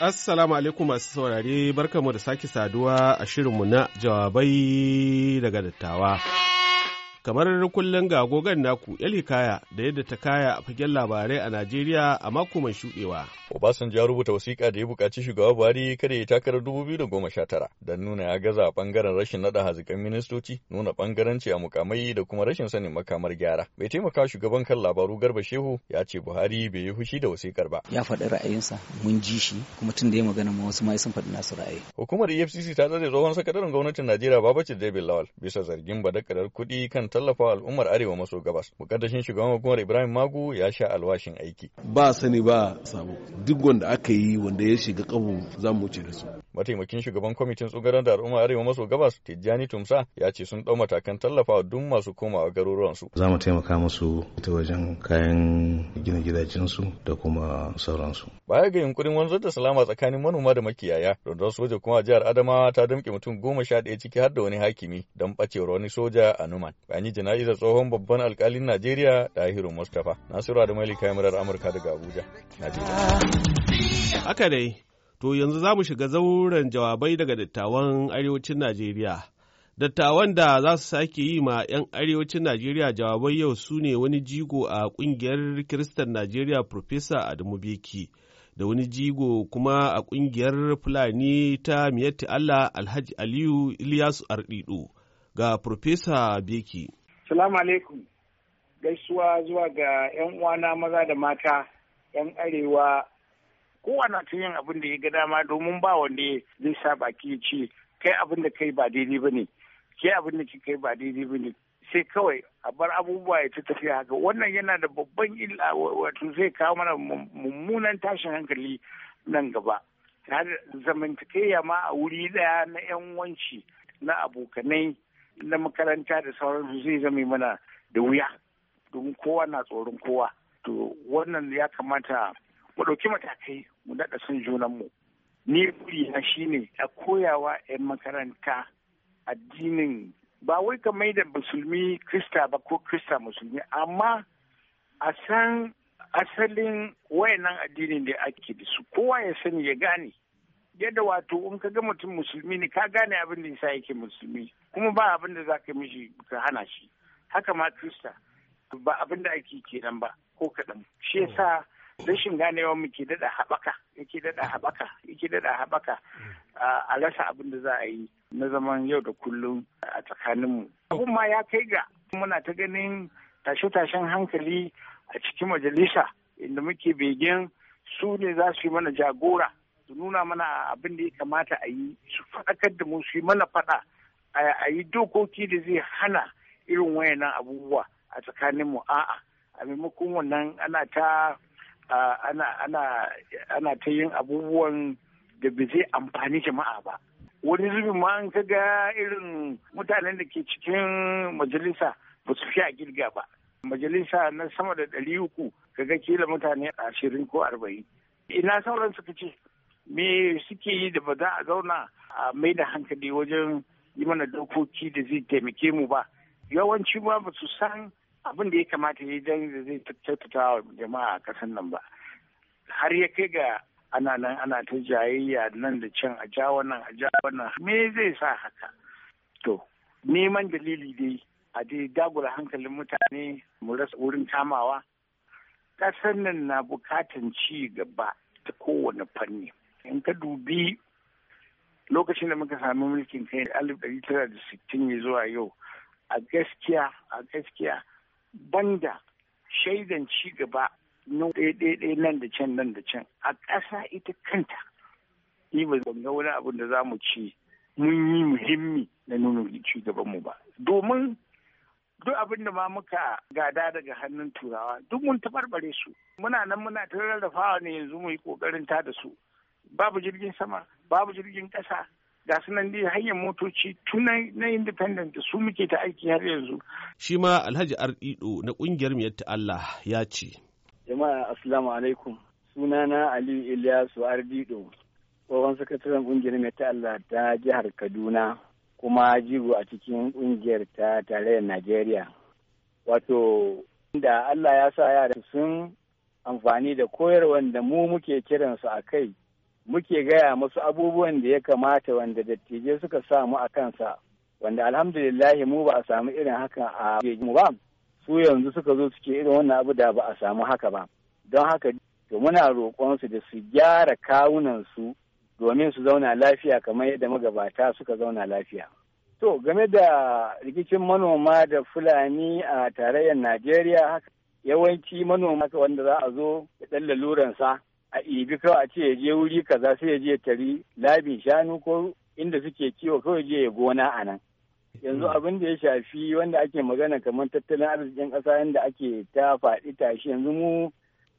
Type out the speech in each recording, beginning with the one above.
Assalamu alaikum masu saurare, barkamu da sake saduwa a shirinmu na jawabai daga dattawa. kamar kullum ga gogan naku hikaya da yadda ta kaya a fagen labarai a Najeriya a mako mai shuɗewa. Obasanjo ya rubuta wasiƙa da ya buƙaci shugaba Buhari kada ya takarar tara don nuna ya gaza a ɓangaren rashin naɗa hazikan ministoci, nuna ɓangaranci a mukamai da kuma rashin sanin makamar gyara. Bai taimaka shugaban kan labaru Garba Shehu ya ce Buhari bai yi fushi da wasiƙar ba. Ya faɗi ra'ayinsa mun ji shi kuma tun da ya magana ma wasu ma sun faɗi nasu ra'ayi. Hukumar EFCC ta tsare tsohon sakataren gwamnatin Najeriya babacin David Lawal bisa zargin badakarar kuɗi kan wa al'ummar arewa maso gabas mukaddashin shugaban hukumar ibrahim magu ya sha alwashin aiki ba sani ba sabo duk wanda aka yi wanda ya shiga kabu za mu wuce da su mataimakin shugaban kwamitin tsugaran da al'ummar arewa maso gabas tijjani tumsa ya ce sun ɗau matakan tallafawa duk masu komawa garuruwansu za mu taimaka musu ta wajen kayan gina su da kuma sauransu baya ga yunkurin wanzar da salama tsakanin manoma da makiyaya rundunar soja kuma jihar adamawa ta damƙe mutum goma sha ɗaya ciki har da wani hakimi don ɓacewar wani soja a numan anyi jana'izar tsohon babban alkalin Najeriya Dahiru Mustapha. Nasiru da Malika Yamirar Amurka daga Abuja. Najeriya. Haka dai, to yanzu za mu shiga zauren jawabai daga dattawan arewacin Najeriya. Dattawan da za su sake yi ma 'yan arewacin Najeriya jawabai yau su ne wani jigo a kungiyar Kiristan Najeriya Profesa Adamu Beki. da wani jigo kuma a kungiyar Fulani ta Miyatti Allah Alhaji Aliyu Ilyasu Ardido ga Profesa biki. Salamu alaikum, gaisuwa zuwa ga 'yan uwana maza da mata 'yan arewa kowane tun yin abin da ya ga dama domin ba wanda zai sa baki ya ce kai abin da kai ba daidai ba ne kai abin da kai ba daidai ba ne sai kawai a bar abubuwa ya ta tafiya haka wannan yana da babban illa wato zai kawo mana mummunan tashin hankali nan gaba har ma a wuri daya na yan wanci na abokanai na makaranta da sauransu zai zama mana da wuya domin kowa na tsoron kowa to wannan ya kamata mu ɗauki matakai mu daɗa son junanmu ni burina shine a koyawa 'yan makaranta addinin ba wai ka mai da musulmi krista ba ko krista musulmi amma a san asalin wayannan addinin da ake da su kowa ya sani ya gane yadda wato in ka ga mutum musulmi ne ka gane abin da yasa yake musulmi kuma ba abin da za ka mishi ka hana shi haka ma krista ba abin da ake kenan ba ko kaɗan shi yasa rashin ganewa mu ke daɗa haɓaka yake daɗa haɓaka yake daɗa haɓaka a rasa abin da za a yi na zaman yau da kullum a tsakaninmu abin ma ya kai ga muna ta ganin tashe-tashen hankali a cikin majalisa inda muke begen su ne za su yi mana jagora su nuna mana abin da ya kamata a yi su faɗakar da mu su yi mana faɗa a yi dokoki da zai hana irin wayannan abubuwa a tsakanin mu a'a a maimakon wannan ana ta ana ta yin abubuwan da ba zai amfani jama'a ba wani zubin ma an kaga irin mutanen da ke cikin majalisa ba su fi a girga ba majalisa na sama da ɗari uku kaga kila mutane ashirin ko arba'in ina sauran suka ce me suke yi da ba za a zauna a mai da hankali wajen yi mana dokoki da zai taimake mu ba yawanci ma ba su san abin da ya kamata ya dan da zai tattauta wa jama'a a kasan nan ba har ya kai ga ana nan ana ta jayayya nan da can a ja wannan a ja wannan me zai sa haka to neman dalili dai a dai dagula hankalin mutane mu rasa wurin kamawa ƙasar nan na bukatan ci gaba ta kowane fanni in ka dubi lokacin da muka sami mulkin kai alif ɗari tara da sittin zuwa yau a gaskiya a gaskiya banda shaidan ci gaba na ɗaya nan da can nan da can a ƙasa ita kanta ni ba ga wani abin da za mu ci mun yi muhimmi na nuna ci gaban mu ba domin duk abin da ma muka gada daga hannun turawa duk mun tabarbare su muna nan muna ta rarrafawa ne yanzu mu yi kokarin ta da su babu jirgin sama babu jirgin ƙasa ga sunan dai hanyar motoci tun na independent su muke ta aiki har yanzu. Shi ma Alhaji Ardido na ƙungiyar Miyar Allah ya ce. Jama'a Assalamu alaikum. Sunana Aliyu Ilyasu Ardido, tsohon sakataren ƙungiyar Miyar Allah ta jihar Kaduna kuma jigo a cikin ƙungiyar ta tarayyar Najeriya. Wato, da Allah ya sa yara sun amfani da koyarwar da mu muke kiransu a kai muke gaya masu abubuwan da ya kamata wanda dattijai suka samu a kansa wanda alhamdulillahi mu ba a samu irin haka a mu ba su yanzu suka zo suke irin wannan abu da ba a samu haka ba don haka to muna su da su gyara kawunan su domin su zauna lafiya kamar yadda magabata suka zauna lafiya to game da rikicin manoma da fulani a tarayyar najeriya yawanci manoma wanda za a zo da ɗan sa a ibi kawai a ce ya je wuri kaza sai ya je tari labin shanu ko inda suke kiwo kawai je ya gona a nan yanzu hmm. abin da ya shafi wanda ake magana kamar tattalin arzikin ƙasa yadda ake ta faɗi tashi yanzu mu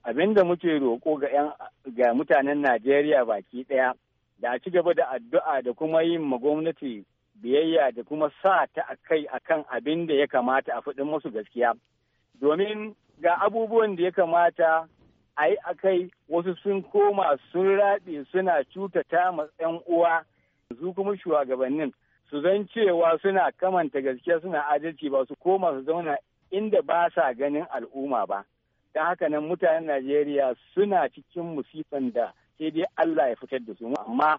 abin da muke roƙo ga ga mutanen Najeriya baki ɗaya da a ci gaba da addu'a da kuma yin ma gwamnati biyayya da kuma sa ta a kai a kan abin da ya kamata a faɗin musu gaskiya domin ga abubuwan da ya kamata a akai wasu sun koma sun raɗe suna cutata ma 'yan uwa su kuma shugabannin su zan cewa suna kamanta gaskiya suna adalci ba su koma su zauna inda ba sa ganin al'umma ba don haka nan mutanen najeriya suna cikin musifan da sai dai allah ya fitar da su amma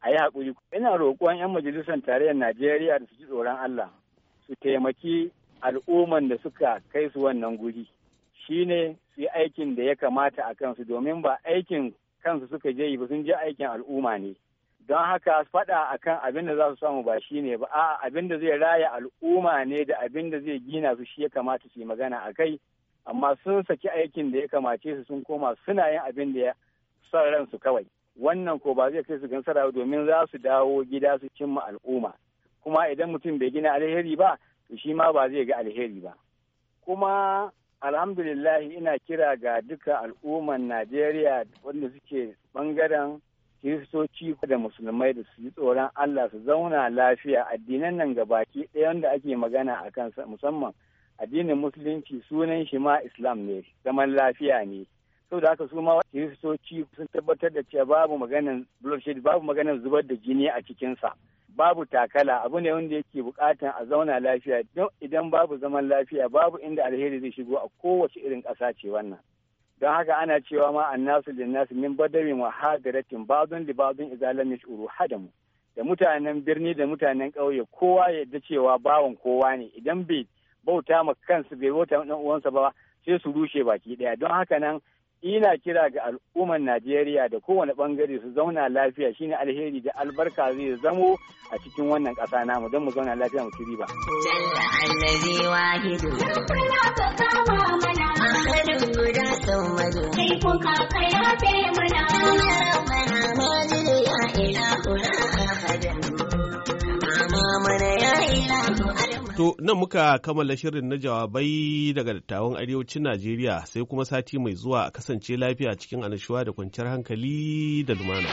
a yi haƙuri ina roƙon 'yan majalisar tarayyar najeriya da su ji tsoron allah su taimaki al'umman da suka kai su wannan guri Shi ne su aikin da ya kamata a kansu domin ba aikin kansu suka je yi ba sun je aikin al'umma ne don haka faɗa akan abin da za su samu ba shi ne ba a abin da zai raya al'umma ne da abin da zai gina su shi ya kamata su yi magana a kai amma sun saki aikin da ya kamace su sun koma suna yin abin da ya san ransu kawai wannan ko ba zai kai su gansara domin za su dawo gida su cimma al'umma kuma idan mutum bai gina alheri ba to shi ma ba zai ga alheri ba kuma alhamdulillah ina kira ga duka al'umman najeriya wanda suke bangaren kiristoci da musulmai da su yi tsoron allah su zauna lafiya addinan nan ga baki ɗaya wanda ake magana a kansa musamman addinin musulunci sunan shi ma islam ne zaman lafiya ne saboda haka su ma kiristoci sun tabbatar da cewa babu maganin bloodshed babu maganan zubar da jini a cikinsa babu takala abu ne wanda yake bukatan a zauna lafiya don idan babu zaman lafiya babu inda alheri zai shigo a kowace irin ƙasa ce wannan don haka ana cewa ma annasu nasu min badarin wa hadiratin bazun da bazun idza yashuru hadamu da mutanen birni da mutanen kauye kowa ya yadda cewa bawan kowa ne idan bai bauta ma kansu bai bauta ma uwansa ba sai su rushe baki ɗaya don haka nan ina kira ga al'ummar Najeriya da kowane bangare su zauna lafiya shine alheri da albarka zai zamo a cikin wannan ƙasa namu don mu zauna lafiya mu ci riba. Jalla allazi wahidu. Kuna ka kama mana. Kai mana. Ya rabbana ya To, nan muka kammala shirin na jawabai daga dattawan arewacin Najeriya sai kuma sati mai zuwa kasance lafiya cikin anashuwa da kwanciyar hankali da lumana.